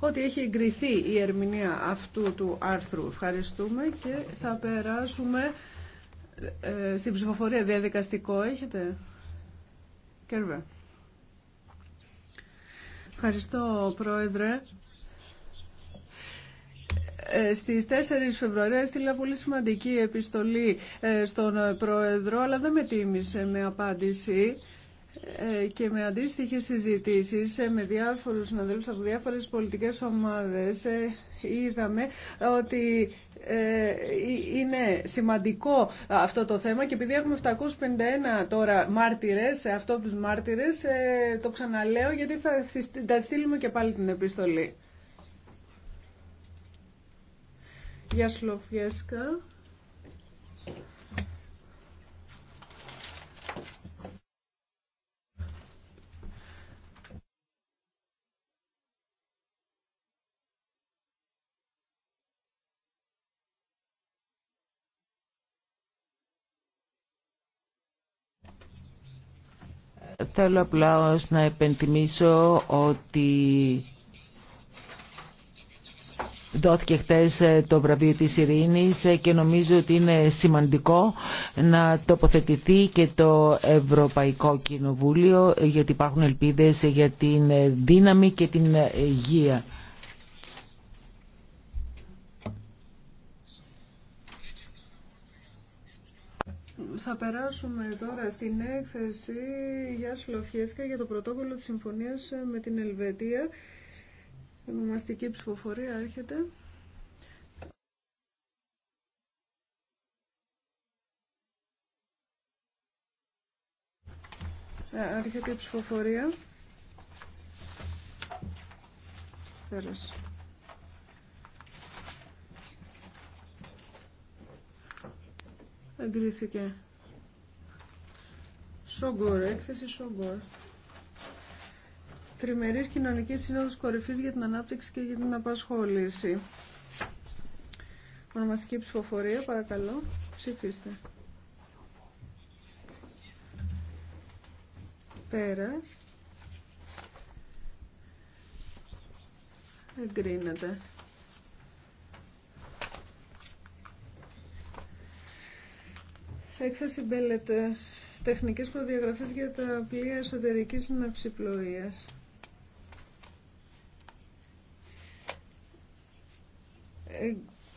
ότι έχει εγκριθεί η ερμηνεία αυτού του άρθρου. Ευχαριστούμε και θα περάσουμε ε, στην ψηφοφορία. Διαδικαστικό έχετε. Κέρβε. Ευχαριστώ, Πρόεδρε. Ε, στις 4 Φεβρουαρίου έστειλα πολύ σημαντική επιστολή ε, στον Πρόεδρο, αλλά δεν με τίμησε με απάντηση. Ε, και με αντίστοιχε συζητήσει ε, με διάφορου συναδέλφου από διάφορε πολιτικέ ομάδε ε, είδαμε ότι είναι σημαντικό αυτό το θέμα και επειδή έχουμε 751 τώρα μάρτυρες, τους μάρτυρες, το ξαναλέω γιατί θα τα στείλουμε και πάλι την επιστολή. Γεια Θέλω απλά να επενθυμίσω ότι δόθηκε χθε το βραβείο της Ειρήνης ε, και νομίζω ότι είναι σημαντικό να τοποθετηθεί και το Ευρωπαϊκό Κοινοβούλιο ε, γιατί υπάρχουν ελπίδες για την ε, δύναμη και την υγεία. Θα περάσουμε τώρα στην έκθεση για Σλοφιέσκα για το πρωτόκολλο της συμφωνίας με την Ελβετία. Ονομαστική ψηφοφορία έρχεται. Ε, έρχεται η ψηφοφορία. Πέρασε. Εγκρίθηκε. Σόγκορ, έκθεση Σόγκορ. Τριμερής Κοινωνικής Σύνοδος Κορυφής για την Ανάπτυξη και για την Απασχόληση. Ονομαστική ψηφοφορία, παρακαλώ. Ψηφίστε. Πέρας. Εγκρίνεται. Έκθεση μπέλετε τεχνικές προδιαγραφές για τα πλοία εσωτερικής ναυσιπλοείας.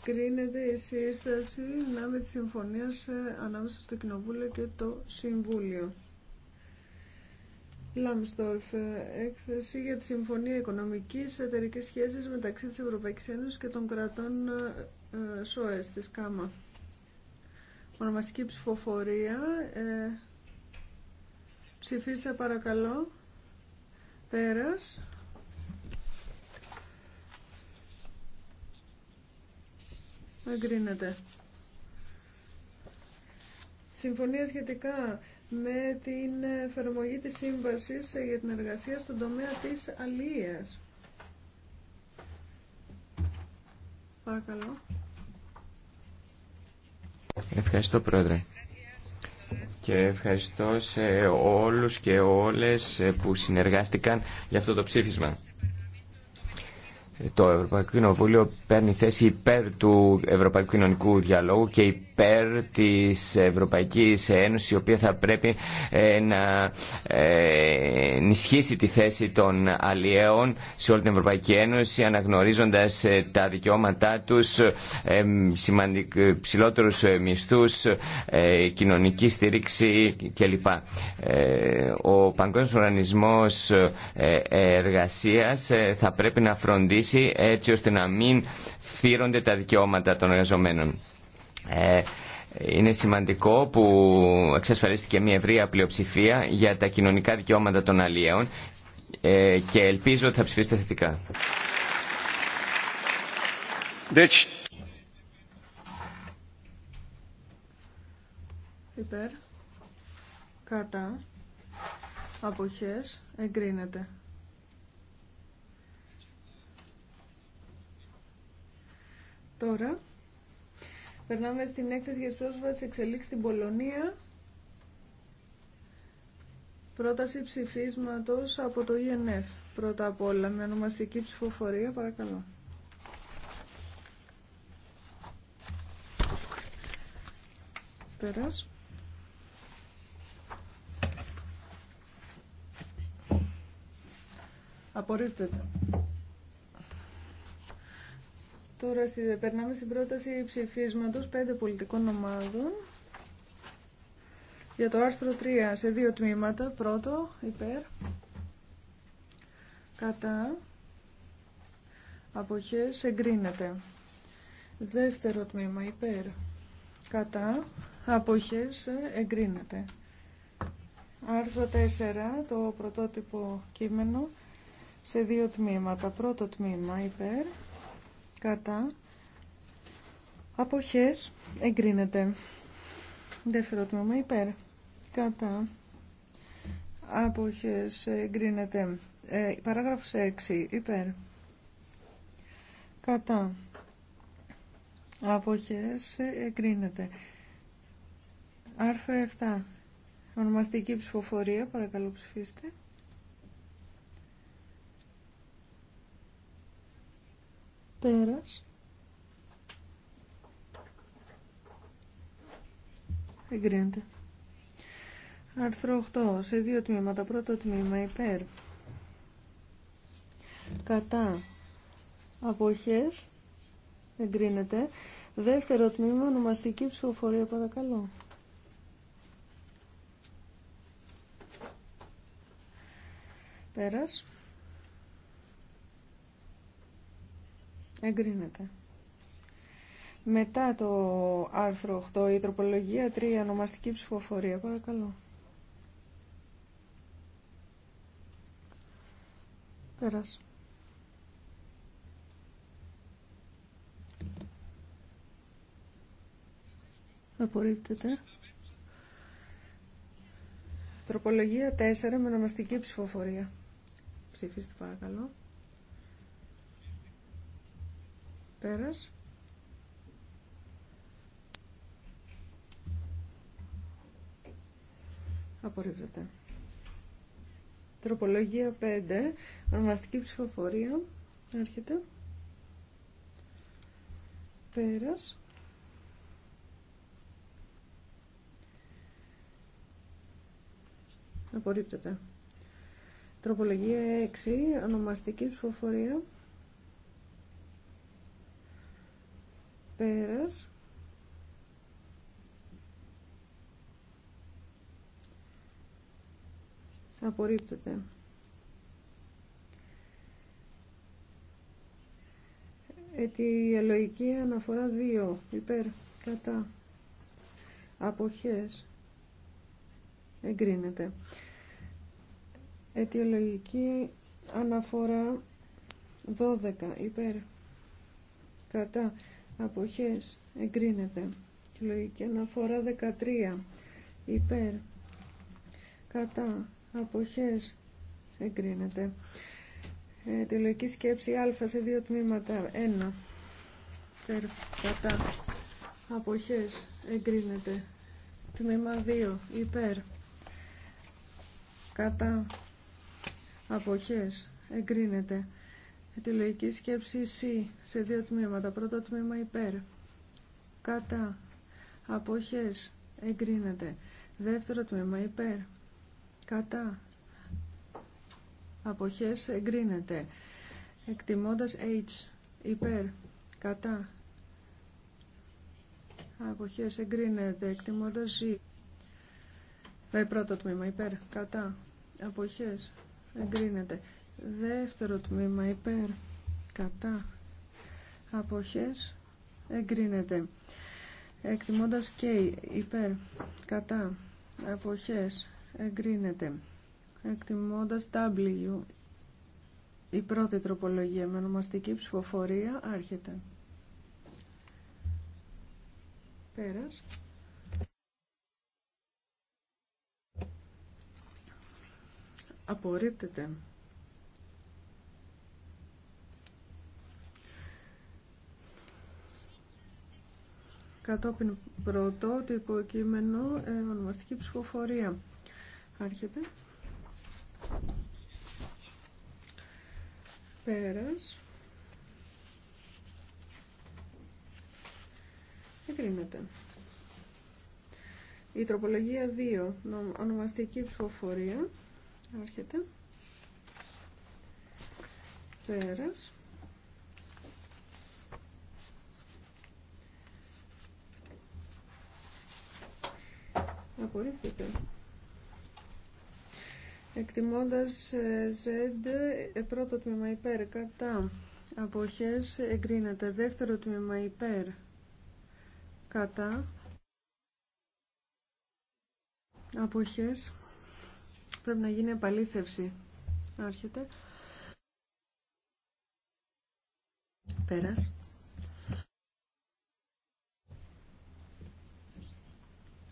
Εγκρίνεται η σύσταση να με τη συμφωνία σε ανάμεσα στο Κοινοβούλιο και το Συμβούλιο. Λάμστορφ, ε, έκθεση για τη Συμφωνία Οικονομικής Εταιρικής Σχέσης μεταξύ της Ευρωπαϊκής Ένωσης και των κρατών ε, ε, ΣΟΕΣ της ΚΑΜΑ. Ονομαστική ψηφοφορία, Ψηφίστε παρακαλώ. Πέρας. Εγκρίνεται. Συμφωνία σχετικά με την εφαρμογή της σύμβασης για την εργασία στον τομέα της αλίας. Παρακαλώ. Ευχαριστώ, Πρόεδρε και ευχαριστώ σε όλους και όλες που συνεργάστηκαν για αυτό το ψήφισμα το Ευρωπαϊκό Κοινοβούλιο παίρνει θέση υπέρ του Ευρωπαϊκού Κοινωνικού Διαλόγου και υπέρ της Ευρωπαϊκής Ένωσης η οποία θα πρέπει ε, να ε, ενισχύσει τη θέση των αλλιέων σε όλη την Ευρωπαϊκή Ένωση αναγνωρίζοντας ε, τα δικαιώματά τους, ψηλότερους μισθούς, κοινωνική στήριξη κλπ. Ο Παγκόσμιος Οργανισμός Εργασίας θα πρέπει να φροντίσει έτσι ώστε να μην θύρονται τα δικαιώματα των εργαζομένων. Ε, είναι σημαντικό που εξασφαλίστηκε μια ευρία πλειοψηφία για τα κοινωνικά δικαιώματα των αλλιέων ε, και ελπίζω ότι θα ψηφίσετε θετικά. κατά, αποχές, εγκρίνεται. Τώρα περνάμε στην έκθεση για τις πρόσφατες εξελίξεις στην Πολωνία. Πρόταση ψηφίσματος από το UNF. E Πρώτα απ' όλα με ονομαστική ψηφοφορία, παρακαλώ. Πέρας. Απορρίπτεται. Τώρα περνάμε στην πρόταση ψηφίσματος πέντε πολιτικών ομάδων για το άρθρο 3 σε δύο τμήματα. Πρώτο, υπέρ, κατά, αποχές, εγκρίνεται. Δεύτερο τμήμα, υπέρ, κατά, αποχές, εγκρίνεται. Άρθρο 4, το πρωτότυπο κείμενο, σε δύο τμήματα. Πρώτο τμήμα, υπέρ, κατά αποχές εγκρίνεται δεύτερο τμήμα υπέρ κατά αποχές εγκρίνεται ε, παράγραφος 6 υπέρ κατά αποχές εγκρίνεται άρθρο 7 ονομαστική ψηφοφορία παρακαλώ ψηφίστε Πέρας. Εγκρίνεται. Άρθρο 8. Σε δύο τμήματα. Πρώτο τμήμα υπέρ. Κατά. Αποχές. Εγκρίνεται. Δεύτερο τμήμα. Ονομαστική ψηφοφορία. Παρακαλώ. Πέρας. Εγκρίνεται. Μετά το άρθρο 8, η τροπολογία 3, ονομαστική ψηφοφορία. Παρακαλώ. Πέρασε. Απορρίπτεται. Τροπολογία 4 με ονομαστική ψηφοφορία. Ψηφίστε παρακαλώ. Πέρας. Απορρίπτεται. Τροπολογία 5. Ονομαστική ψηφοφορία. Έρχεται. Πέρας. Απορρίπτεται. Τροπολογία 6. Ονομαστική ψηφοφορία. Πέρας. Απορρίπτεται. Αιτιολογική αναφορά 2. Υπέρ. Κατά. Αποχές. Εγκρίνεται. Αιτιολογική αναφορά 12. Υπέρ. Κατά αποχές εγκρίνεται λογική αναφορά 13 υπέρ κατά αποχές εγκρίνεται ε, τη λογική σκέψη α σε δύο τμήματα 1 υπέρ κατά αποχές εγκρίνεται τμήμα 2 υπέρ κατά αποχές εγκρίνεται λογική σκέψη C σε δύο τμήματα. Πρώτο τμήμα υπέρ. Κατά. Αποχές. Εγκρίνεται. Δεύτερο τμήμα υπέρ. Κατά. Αποχές. Εγκρίνεται. Εκτιμώντας H. Υπέρ. Κατά. Αποχές. Εγκρίνεται. Εκτιμώντας G. Ε, πρώτο τμήμα υπέρ. Κατά. Αποχές. Εγκρίνεται. Δεύτερο τμήμα υπέρ κατά αποχές εγκρίνεται. Εκτιμώντας και υπέρ κατά αποχές εγκρίνεται. Εκτιμώντας W η πρώτη τροπολογία με ονομαστική ψηφοφορία άρχεται. Πέρας. Απορρίπτεται. Κατόπιν πρώτο το υποκείμενο ε, ονομαστική ψηφοφορία. Άρχεται. Πέρας. Εγκρίνεται. Η τροπολογία 2, ονομαστική ψηφοφορία. Άρχεται. Πέρας. Απορρίφθηκε. Εκτιμώντας Z, ε, ε, πρώτο τμήμα υπέρ, κατά. Αποχές εγκρίνεται. Δεύτερο τμήμα υπέρ, κατά. Αποχές. Πρέπει να γίνει επαλήθευση. Άρχεται. Πέρας.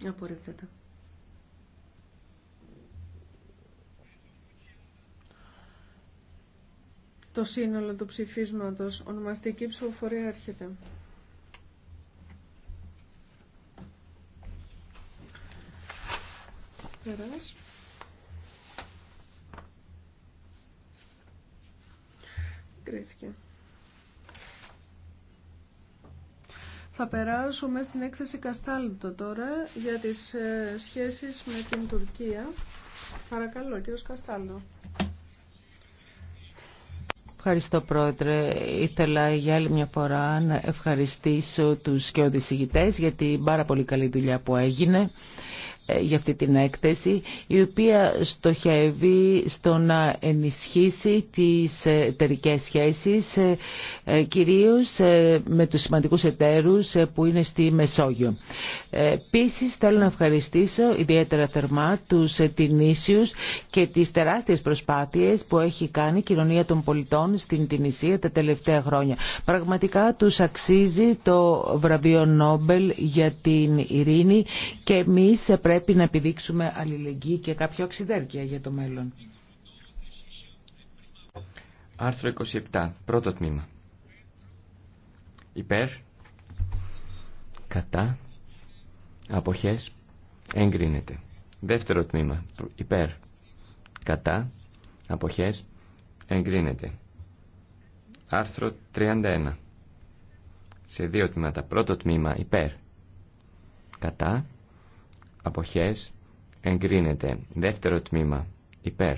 Απορρίπτεται. το σύνολο του ψηφίσματος. Ονομαστική ψηφοφορία έρχεται. Περάς. Κρίθηκε. Θα περάσουμε στην έκθεση Καστάλτο τώρα για τις ε, σχέσεις με την Τουρκία. Παρακαλώ, κύριος Καστάλτο. Ευχαριστώ Πρόεδρε. Ήθελα για άλλη μια φορά να ευχαριστήσω τους και οδησηγητές για την πάρα πολύ καλή δουλειά που έγινε. Ε, για αυτή την έκθεση, η οποία στοχεύει στο να ενισχύσει τις ε, εταιρικέ σχέσεις, ε, κυρίως με τους σημαντικούς εταίρους που είναι στη Μεσόγειο. Επίση, θέλω να ευχαριστήσω ιδιαίτερα θερμά τους Τινήσιους και τις τεράστιες προσπάθειες που έχει κάνει η κοινωνία των πολιτών στην Τινησία τα τελευταία χρόνια. Πραγματικά τους αξίζει το βραβείο Νόμπελ για την ειρήνη και εμείς πρέπει να επιδείξουμε αλληλεγγύη και κάποια οξυδέρκεια για το μέλλον. Άρθρο 27. Πρώτο τμήμα. Υπέρ. Κατά. Αποχές. Εγκρίνεται. Δεύτερο τμήμα. Υπέρ. Κατά. Αποχές. Εγκρίνεται. Άρθρο 31. Σε δύο τμήματα. Πρώτο τμήμα. Υπέρ. Κατά αποχές εγκρίνεται. Δεύτερο τμήμα υπέρ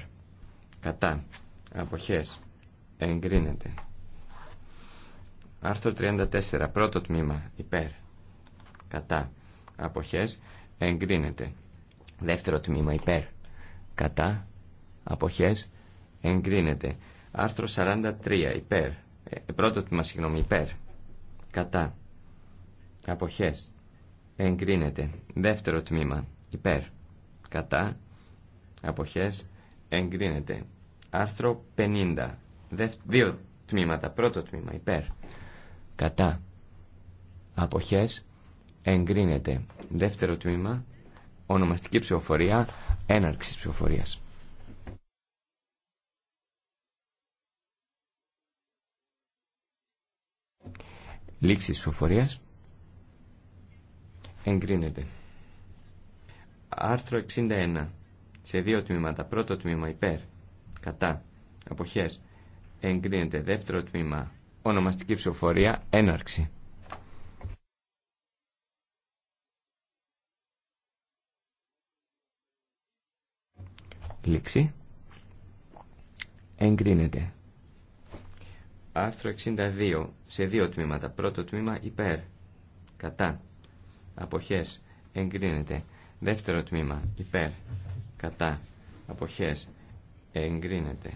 κατά αποχές εγκρίνεται. Άρθρο 34 πρώτο τμήμα υπέρ κατά αποχές εγκρίνεται. Δεύτερο τμήμα υπέρ κατά αποχές εγκρίνεται. Άρθρο 43 υπέρ ε, πρώτο τμήμα συγγνώμη υπέρ κατά αποχές εγκρίνεται. Δεύτερο τμήμα υπέρ κατά αποχές εγκρίνεται. Άρθρο 50. Δύο τμήματα. Πρώτο τμήμα υπέρ κατά αποχές εγκρίνεται. Δεύτερο τμήμα ονομαστική ψηφοφορία έναρξης ψηφοφορίας. Λήξη ψηφοφορίας. Εγκρίνεται. Άρθρο 61. Σε δύο τμήματα. Πρώτο τμήμα υπέρ. Κατά. Αποχές. Εγκρίνεται. Δεύτερο τμήμα. Ονομαστική ψηφοφορία. Έναρξη. Λήξη. Εγκρίνεται. Άρθρο 62. Σε δύο τμήματα. Πρώτο τμήμα υπέρ. Κατά αποχές εγκρίνεται δεύτερο τμήμα υπέρ κατά αποχές εγκρίνεται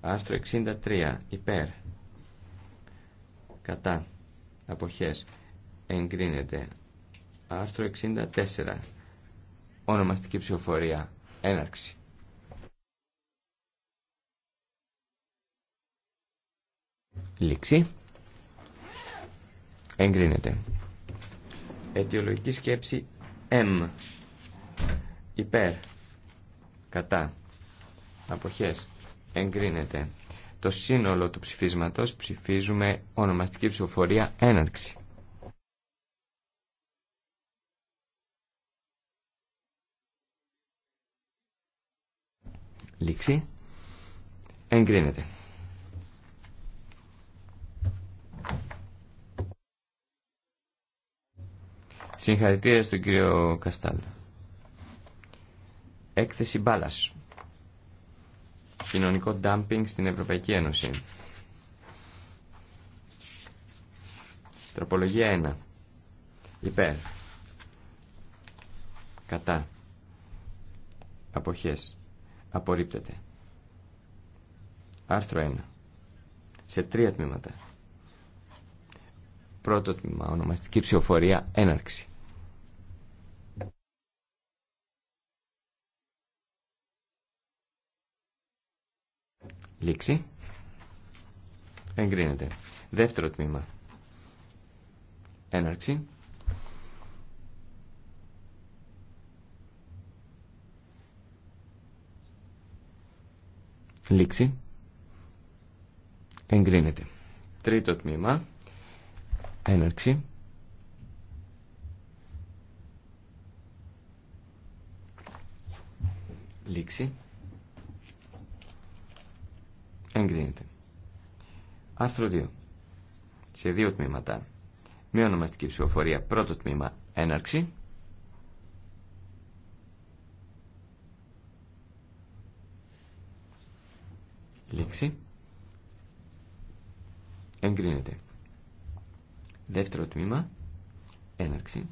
άρθρο 63 υπέρ κατά αποχές εγκρίνεται άρθρο 64 ονομαστική ψηφοφορία έναρξη λήξη εγκρίνεται Αιτιολογική σκέψη M. Υπέρ. Κατά. Αποχές. Εγκρίνεται. Το σύνολο του ψηφίσματος ψηφίζουμε ονομαστική ψηφοφορία έναρξη. Λήξη. Εγκρίνεται. Συγχαρητήρια στον κύριο Καστάλ. Έκθεση μπάλα Κοινωνικό ντάμπινγκ στην Ευρωπαϊκή Ένωση. Τροπολογία 1. Υπέρ. Κατά. Αποχές. Απορρίπτεται. Άρθρο 1. Σε τρία τμήματα. Πρώτο τμήμα, ονομαστική ψηφοφορία, έναρξη. Λήξη. Εγκρίνεται. Δεύτερο τμήμα. Έναρξη. Λήξη. Εγκρίνεται. Τρίτο τμήμα. Έναρξη. Λήξη. Εγκρίνεται. Άρθρο 2. Σε δύο τμήματα. Με ονομαστική ψηφοφορία. Πρώτο τμήμα. Έναρξη. Λήξη. Εγκρίνεται. Δεύτερο τμήμα. Έναρξη.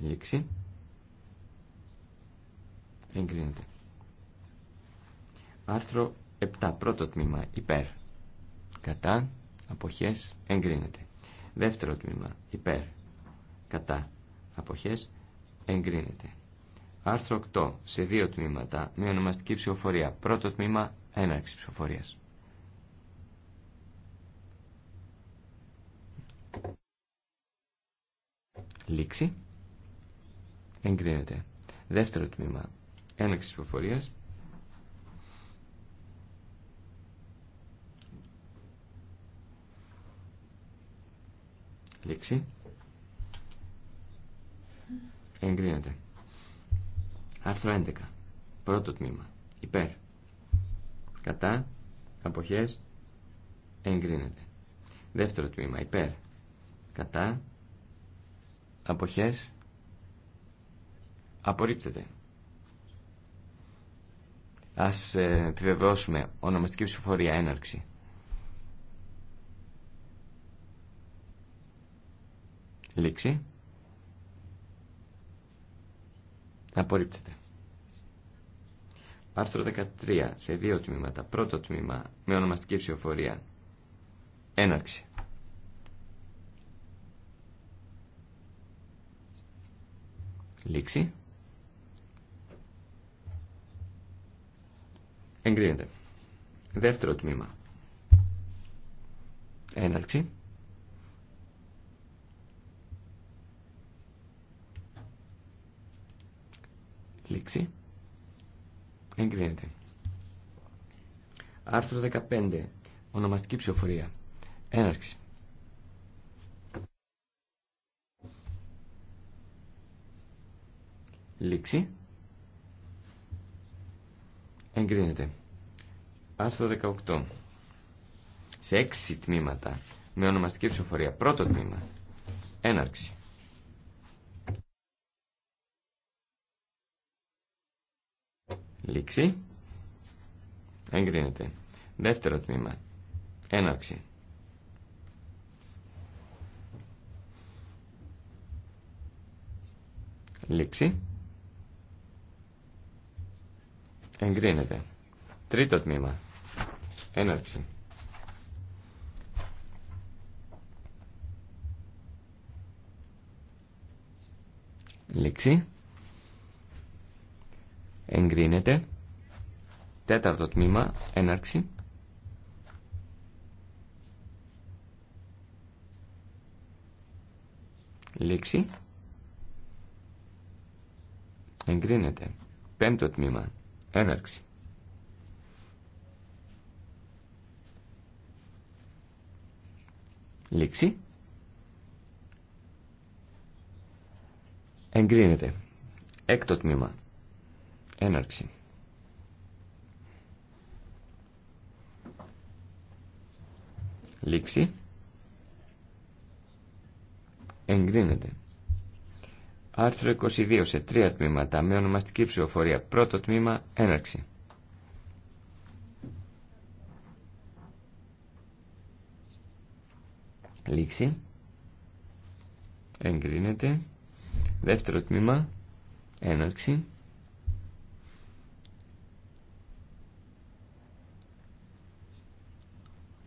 Λήξη. Εγκρίνεται. Άρθρο 7. Πρώτο τμήμα. Υπέρ. Κατά. Αποχές. Εγκρίνεται. Δεύτερο τμήμα. Υπέρ. Κατά. Αποχές. Εγκρίνεται. Άρθρο 8. Σε δύο τμήματα. Με ονομαστική ψηφοφορία. Πρώτο τμήμα έναρξη ψηφοφορίας. Λήξη. Εγκρίνεται. Δεύτερο τμήμα. Έναρξη ψηφοφορίας. Λήξη. Εγκρίνεται. Άρθρο 11. Πρώτο τμήμα. Υπέρ κατά, αποχές, εγκρίνεται. Δεύτερο τμήμα, υπέρ, κατά, αποχές, απορρίπτεται. Ας ε, επιβεβαιώσουμε ονομαστική ψηφοφορία έναρξη. Λήξη. Απορρίπτεται. Άρθρο 13 σε δύο τμήματα. Πρώτο τμήμα με ονομαστική ψηφοφορία. Έναρξη. Λήξη. Εγκρίνεται. Δεύτερο τμήμα. Έναρξη. Λήξη. Εγκρίνεται. Άρθρο 15. Ονομαστική ψηφοφορία. Έναρξη. Λήξη. Εγκρίνεται. Άρθρο 18. Σε έξι τμήματα με ονομαστική ψηφοφορία. Πρώτο τμήμα. Έναρξη. Λήξη. Εγκρίνεται. Δεύτερο τμήμα. Έναρξη. Λήξη. Εγκρίνεται. Τρίτο τμήμα. Έναρξη. Λήξη εγκρίνεται. Τέταρτο τμήμα, έναρξη. Λήξη. Εγκρίνεται. Πέμπτο τμήμα, έναρξη. Λήξη. Εγκρίνεται. Έκτο τμήμα έναρξη. Λήξη. Εγκρίνεται. Άρθρο 22 σε τρία τμήματα με ονομαστική ψηφοφορία. Πρώτο τμήμα έναρξη. Λήξη. Εγκρίνεται. Δεύτερο τμήμα έναρξη.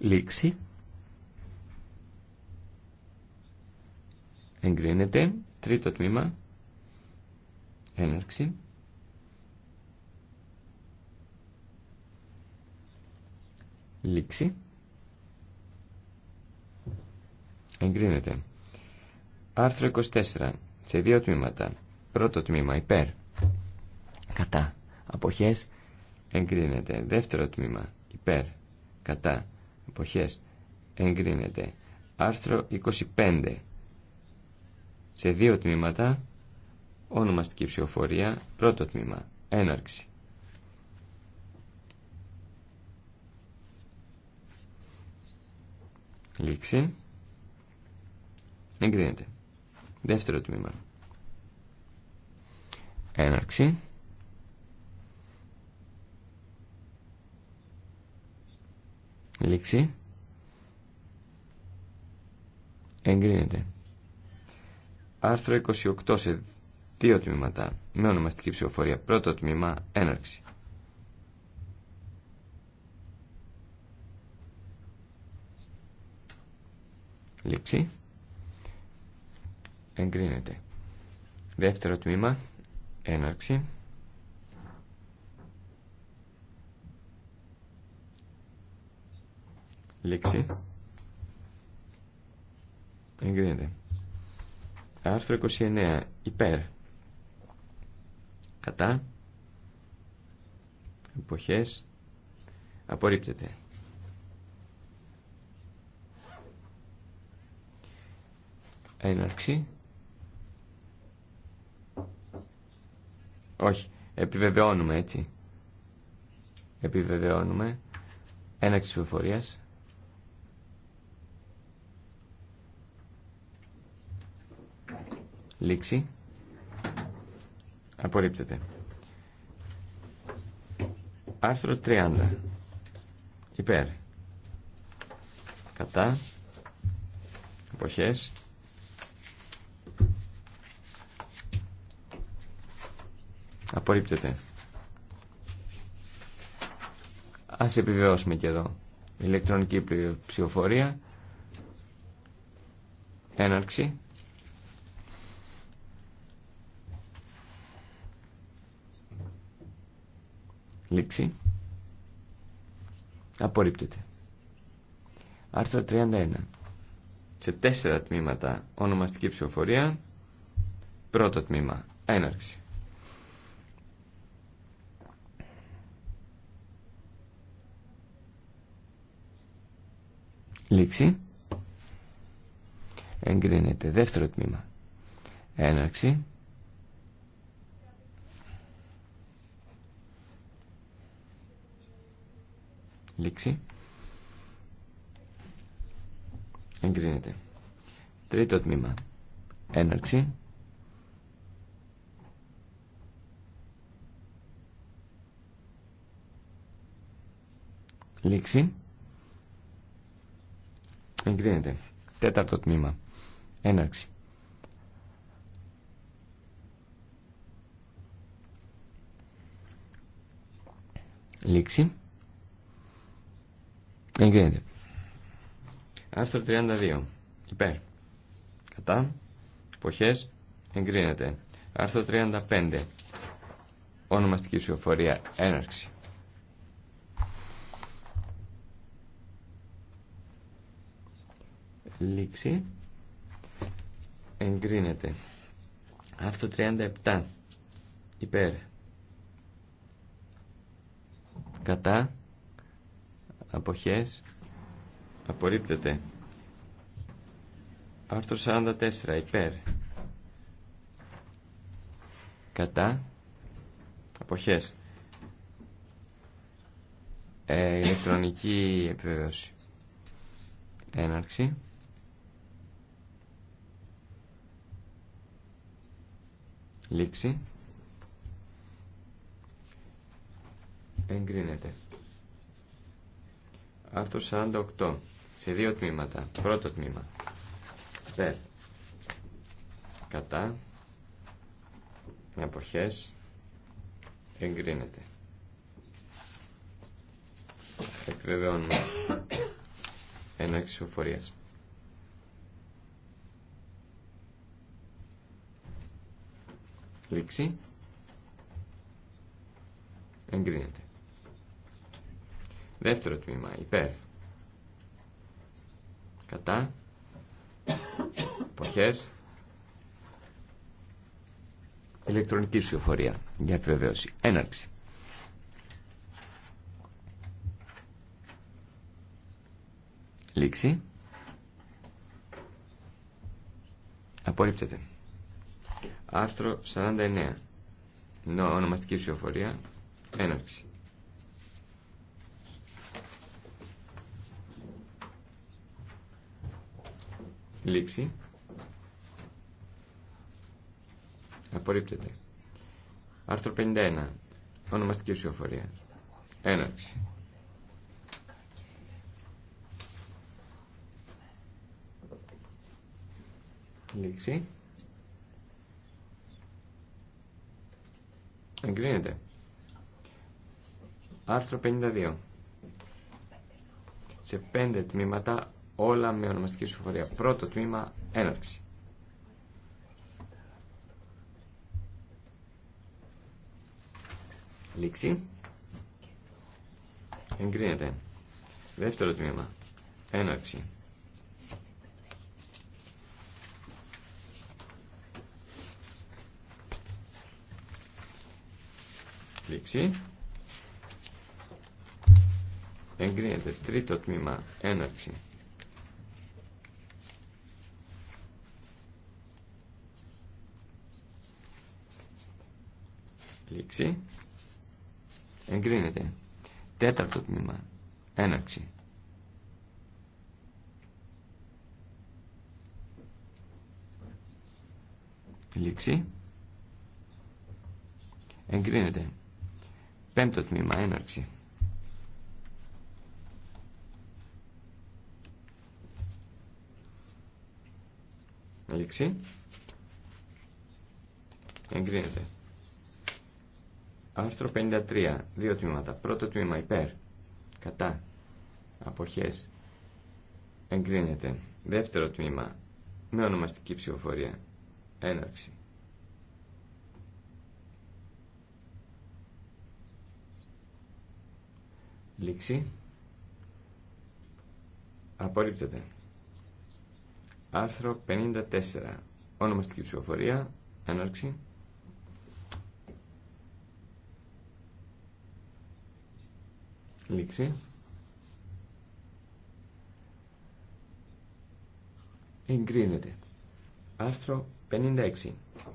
Λήξη. Εγκρίνεται. Τρίτο τμήμα. Έναρξη. Λήξη. Εγκρίνεται. Άρθρο 24. Σε δύο τμήματα. Πρώτο τμήμα υπέρ. Κατά. Αποχές. Εγκρίνεται. Δεύτερο τμήμα υπέρ. Κατά εποχές. εγκρίνεται. Άρθρο 25. Σε δύο τμήματα, ονομαστική ψηφοφορία, πρώτο τμήμα, έναρξη. Λήξη. Εγκρίνεται. Δεύτερο τμήμα. Έναρξη. Λήξη. Εγκρίνεται. Άρθρο 28 σε δύο τμήματα με ονομαστική ψηφοφορία. Πρώτο τμήμα έναρξη. Λήξη. Εγκρίνεται. Δεύτερο τμήμα έναρξη. Λήξη. Εγκρίνεται. Άρθρο 29. Υπέρ. Κατά. Εποχές. Απορρίπτεται. Έναρξη. Όχι. Επιβεβαιώνουμε έτσι. Επιβεβαιώνουμε. Έναρξη ψηφοφορίας. Λήξη. Απορρίπτεται. Άρθρο 30. Υπέρ. Κατά. Εποχές. Απορρίπτεται. Ας επιβεβαιώσουμε και εδώ. Ηλεκτρονική ψηφοφορία. Έναρξη. Λήξη. Απορρίπτεται. Άρθρο 31. Σε τέσσερα τμήματα ονομαστική ψηφοφορία. Πρώτο τμήμα. Έναρξη. Λήξη. Εγκρίνεται. Δεύτερο τμήμα. Έναρξη. Λήξη. Εγκρίνεται. Τρίτο τμήμα. Έναρξη. Λήξη. Εγκρίνεται. Τέταρτο τμήμα. Έναρξη. Λήξη. Εγκρίνεται. Άρθρο 32. Υπέρ. Κατά. εποχέ. Εγκρίνεται. Άρθρο 35. Ονομαστική ψηφοφορία. Έναρξη. Λήξη. Εγκρίνεται. Άρθρο 37. Υπέρ. Κατά. Αποχές. Απορρίπτεται. Άρθρο 44. Υπέρ. Κατά. Αποχές. Ε, ηλεκτρονική επιβεβαίωση. Έναρξη. Λήξη. Εγκρίνεται. Άρθρο 48. Σε δύο τμήματα. Πρώτο τμήμα. Περ. Κατά. Αποχές. Εγκρίνεται. Επιβεβαιώνουμε. Ένα εξωφορία. Λήξη. Εγκρίνεται. Δεύτερο τμήμα, υπέρ. Κατά. Εποχές. Ηλεκτρονική ψηφοφορία για επιβεβαίωση. Έναρξη. Λήξη. Απορρίπτεται. Άρθρο 49. Νο, ονομαστική ψηφοφορία. Έναρξη. Λήξη. Απορρίπτεται. Άρθρο 51. Ονομαστική ουσιοφορία. Έναρξη. Λήξη. Εγκρίνεται. Άρθρο 52. Σε πέντε τμήματα όλα με ονομαστική ψηφοφορία. Πρώτο τμήμα, έναρξη. Λήξη. Εγκρίνεται. Δεύτερο τμήμα, έναρξη. Λήξη. Εγκρίνεται. Τρίτο τμήμα, έναρξη. Λήξη. Εγκρίνεται. Τέταρτο τμήμα. Έναρξη. Λήξη. Εγκρίνεται. Πέμπτο τμήμα. Έναρξη. Λήξη. Εγκρίνεται. Άρθρο 53. Δύο τμήματα. Πρώτο τμήμα υπέρ. Κατά. Αποχές. Εγκρίνεται. Δεύτερο τμήμα. Με ονομαστική ψηφοφορία. Έναρξη. Λήξη. Απορρίπτεται. Άρθρο 54. Ονομαστική ψηφοφορία. Έναρξη. Λήξη. Εγκρίνεται. Άρθρο 56.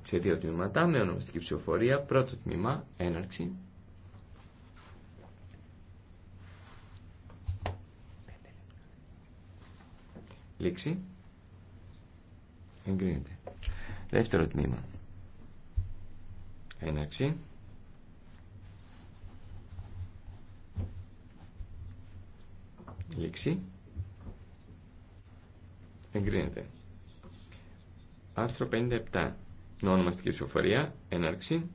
Σε δύο τμήματα με ονομαστική ψηφοφορία. Πρώτο τμήμα. Έναρξη. Λήξη. Εγκρίνεται. Δεύτερο τμήμα. Έναρξη. Λήξη. Εγκρίνεται. Άρθρο 57. Νοονομαστική ψηφοφορία. Έναρξη.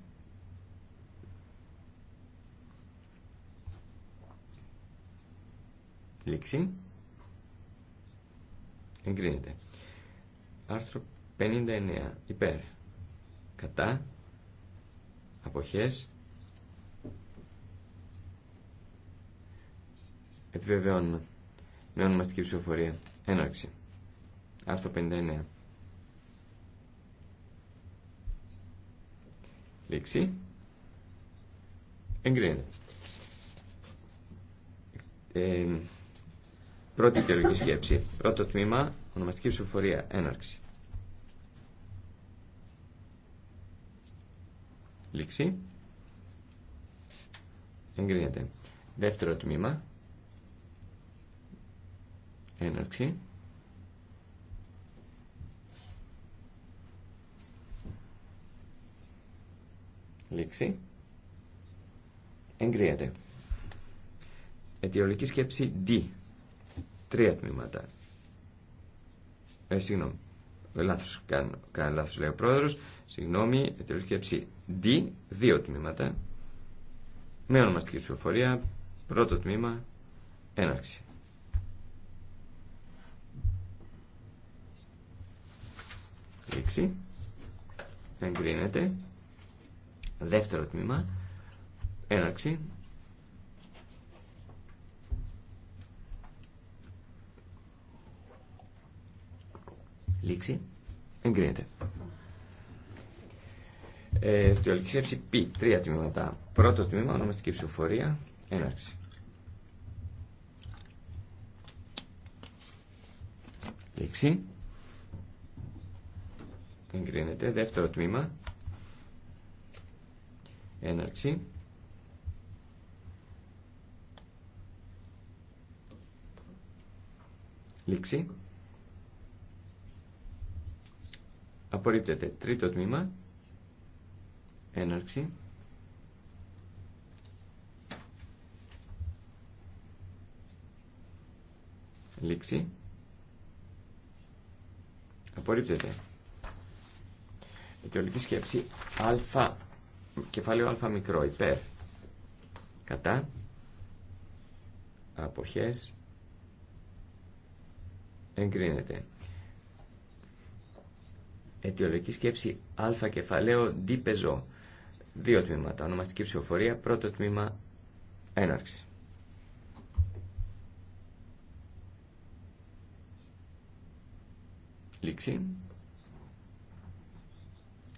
Λήξη. Εγκρίνεται. Άρθρο 59. Υπέρ. Κατά. Αποχές. Επιβεβαιώνουμε. Με ονομαστική ψηφοφορία. Έναρξη. Άρθρο 59. Λήξη. Εγκρίνεται. Ε, πρώτη τελική σκέψη. Πρώτο τμήμα. Ονομαστική ψηφοφορία. Έναρξη. Λήξη. Εγκρίνεται. Δεύτερο τμήμα έναρξη. Λήξη. Εγκρίνεται. Αιτιολογική σκέψη D. Τρία τμήματα. Ε, συγγνώμη. Λάθος, κάνω, κάνω λάθος λέει ο πρόεδρος. Συγγνώμη, Αιτιολική σκέψη D. Δύο τμήματα. Με ονομαστική ψηφοφορία. Πρώτο τμήμα. Έναρξη. 16. Εγκρίνεται. Δεύτερο τμήμα. Έναρξη. Λήξη. Εγκρίνεται. Ε, Τελική π. Τρία τμήματα. Πρώτο τμήμα, ονομαστική ψηφοφορία. Έναρξη. Λήξη εγκρίνεται. Δεύτερο τμήμα, έναρξη. Λήξη. Απορρίπτεται. Τρίτο τμήμα, έναρξη. Λήξη. Απορρίπτεται. Αιτιολογική σκέψη α, κεφάλαιο α μικρό, υπέρ. Κατά. Αποχές. Εγκρίνεται. Αιτιολογική σκέψη α κεφαλαίο διπεζό, πεζό. Δύο τμήματα. Ονομαστική ψηφοφορία. Πρώτο τμήμα. Έναρξη. Λήξη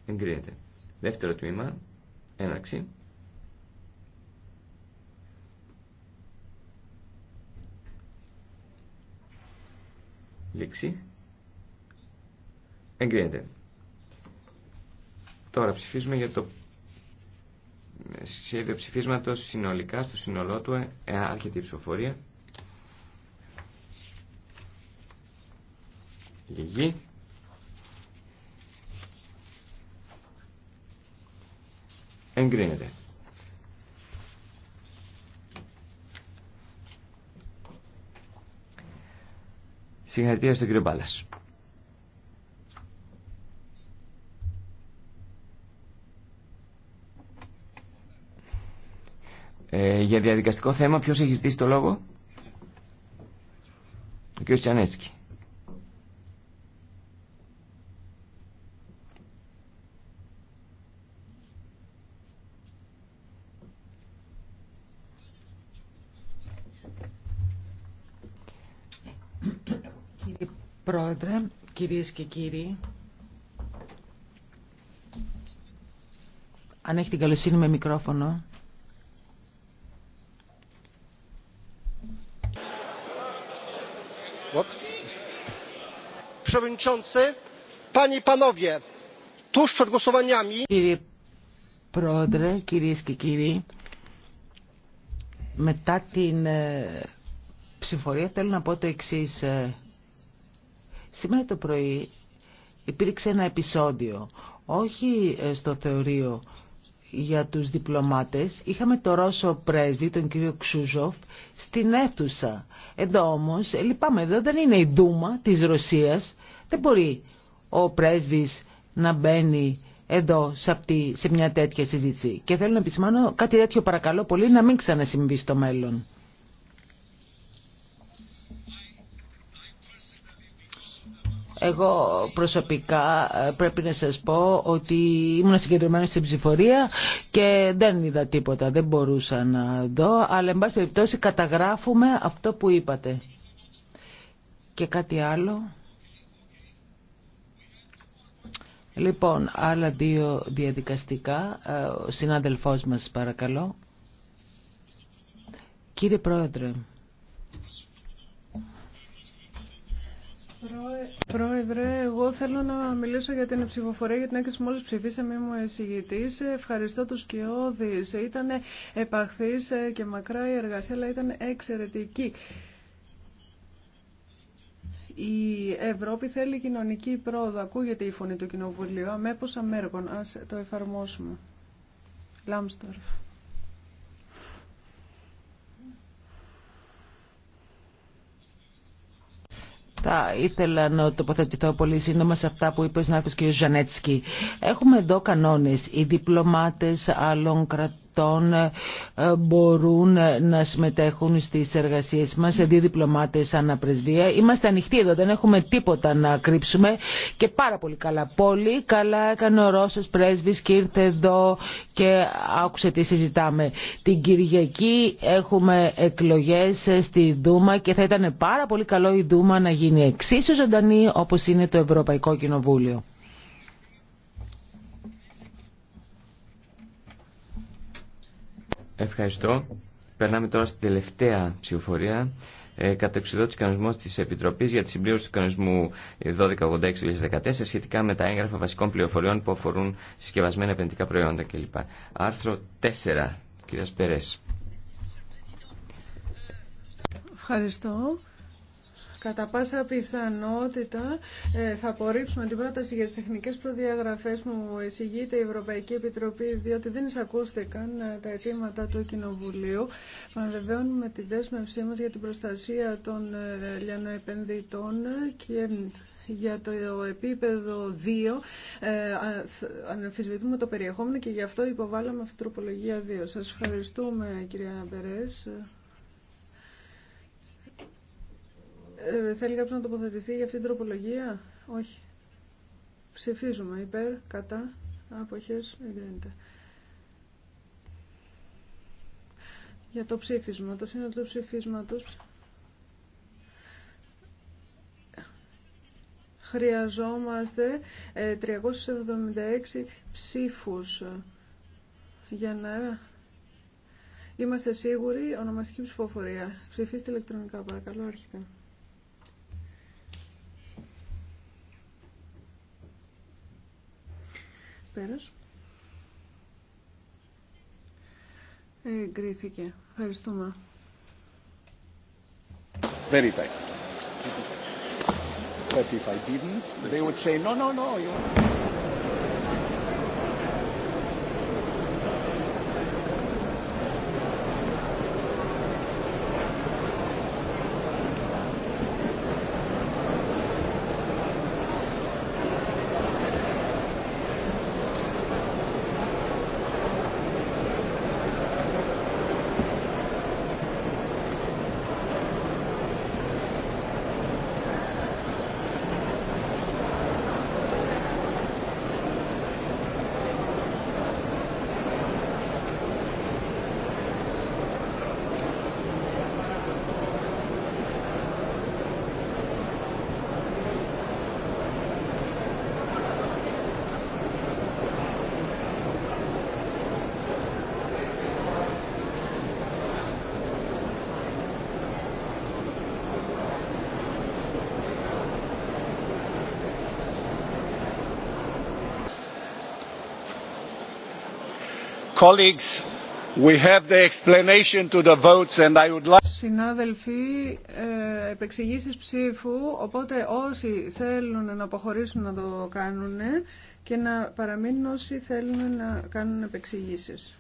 εγκρίνεται. Δεύτερο τμήμα, έναρξη. Λήξη. Εγκρίνεται. Τώρα ψηφίζουμε για το σχέδιο ψηφίσματο συνολικά στο σύνολό του ε, η ψηφοφορία. Λυγή. εγκρίνεται. Συγχαρητήρια στον κύριο Μπάλας. Ε, για διαδικαστικό θέμα ποιος έχει ζητήσει το λόγο? Ο κύριος Τσανέτσκι. Κυρίες και κύριοι, αν έχει την καλοσύνη με μικρόφωνο. Κύριε Πρόεδρε, κυρίες και κύριοι, μετά την ε, ψηφορία θέλω να πω το εξής ε, Σήμερα το πρωί υπήρξε ένα επεισόδιο, όχι ε, στο θεωρείο για τους διπλωμάτες. Είχαμε το Ρώσο πρέσβη, τον κύριο Ξούζοφ, στην αίθουσα. Εδώ όμως, ε, λυπάμαι, εδώ δεν είναι η Δούμα της Ρωσίας. Δεν μπορεί ο πρέσβης να μπαίνει εδώ σε μια τέτοια συζήτηση. Και θέλω να επισημάνω κάτι τέτοιο παρακαλώ πολύ να μην ξανασυμβεί στο μέλλον. Εγώ προσωπικά ε, πρέπει να σας πω ότι ήμουν συγκεντρωμένη στην ψηφορία και δεν είδα τίποτα, δεν μπορούσα να δω, αλλά εν πάση περιπτώσει καταγράφουμε αυτό που είπατε. Και κάτι άλλο. Λοιπόν, άλλα δύο διαδικαστικά. Ε, ο συνάδελφός μας παρακαλώ. Κύριε Πρόεδρε, Πρόεδρε, εγώ θέλω να μιλήσω για την ψηφοφορία για την έκθεση μόλις ψηφίσαμε μου εισηγητής. Ευχαριστώ τους όδη. Ήταν επαχθή και μακρά η εργασία, αλλά ήταν εξαιρετική. Η Ευρώπη θέλει κοινωνική πρόοδο. Ακούγεται η φωνή του Κοινοβουλίου. Αμέσω αμέργων. Ας το εφαρμόσουμε. Λάμστορφ. Θα ήθελα να τοποθετηθώ πολύ σύντομα σε αυτά που είπε ο συνάδελφος κ. Ζανέτσκι. Έχουμε εδώ κανόνες. Οι διπλωμάτες άλλων κρατών ε, ε, μπορούν ε, να συμμετέχουν στις εργασίες μας σε δύο διπλωμάτες αναπρεσβεία. Είμαστε ανοιχτοί εδώ, δεν έχουμε τίποτα να κρύψουμε και πάρα πολύ καλά. Πολύ καλά έκανε ο Ρώσος πρέσβης και ήρθε εδώ και άκουσε τι συζητάμε. Την Κυριακή έχουμε εκλογές στη Δούμα και θα ήταν πάρα πολύ καλό η Δούμα να γίνει εξίσου ζωντανή όπως είναι το Ευρωπαϊκό Κοινοβούλιο. Ευχαριστώ. Περνάμε τώρα στην τελευταία ψηφοφορία. Ε, Κατεξουδότηση κανονισμό τη Επιτροπή για τη συμπλήρωση του κανονισμού 1286-2014 σχετικά με τα έγγραφα βασικών πληροφοριών που αφορούν συσκευασμένα επενδυτικά προϊόντα κλπ. Άρθρο 4. Κυρία Περέ. Ευχαριστώ. Κατά πάσα πιθανότητα ε, θα απορρίψουμε την πρόταση για τις τεχνικές προδιαγραφές που εισηγείται η Ευρωπαϊκή Επιτροπή, διότι δεν εισακούστηκαν ε, τα αιτήματα του Κοινοβουλίου. Παραβεβαιώνουμε τη δέσμευσή μας για την προστασία των ε, λιανοεπενδυτών και για το επίπεδο 2 ε, το περιεχόμενο και γι' αυτό υποβάλαμε αυτή τροπολογία 2. Σας ευχαριστούμε κυρία Μπερές. Ε, θέλει κάποιο να τοποθετηθεί για αυτή την τροπολογία. Όχι. Ψηφίζουμε υπέρ, κατά, αποχές, εγκρίνεται. Για το ψήφισμα, το σύνολο του ψηφίσματος. Χρειαζόμαστε 376 ε, ψήφους ε, για να είμαστε σίγουροι ονομαστική ψηφοφορία. Ψηφίστε ηλεκτρονικά παρακαλώ, άρχιτε. Πέρας. Εγκρίθηκε. Ευχαριστούμε. Very tight. But if I didn't, they would say, no, no, no. you're... Colleagues, we the to the and I would like... Συνάδελφοι, ε, επεξηγήσεις ψήφου, οπότε όσοι θέλουν να αποχωρήσουν να το κάνουν και να παραμείνουν όσοι θέλουν να κάνουν επεξηγήσεις.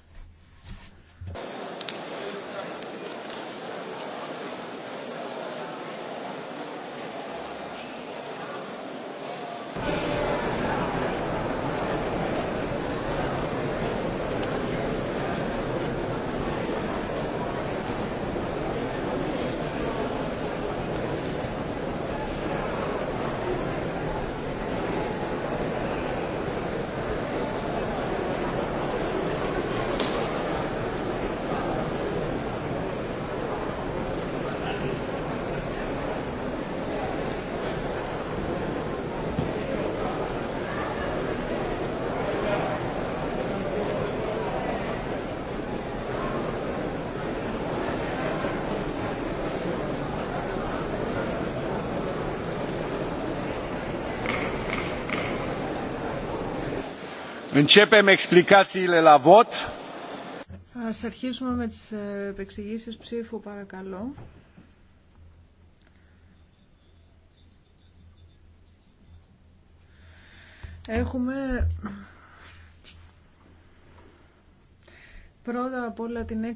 Începem Ας αρχίσουμε με τις ε, επεξηγήσεις ψήφου, παρακαλώ. Έχουμε πρώτα απ' όλα την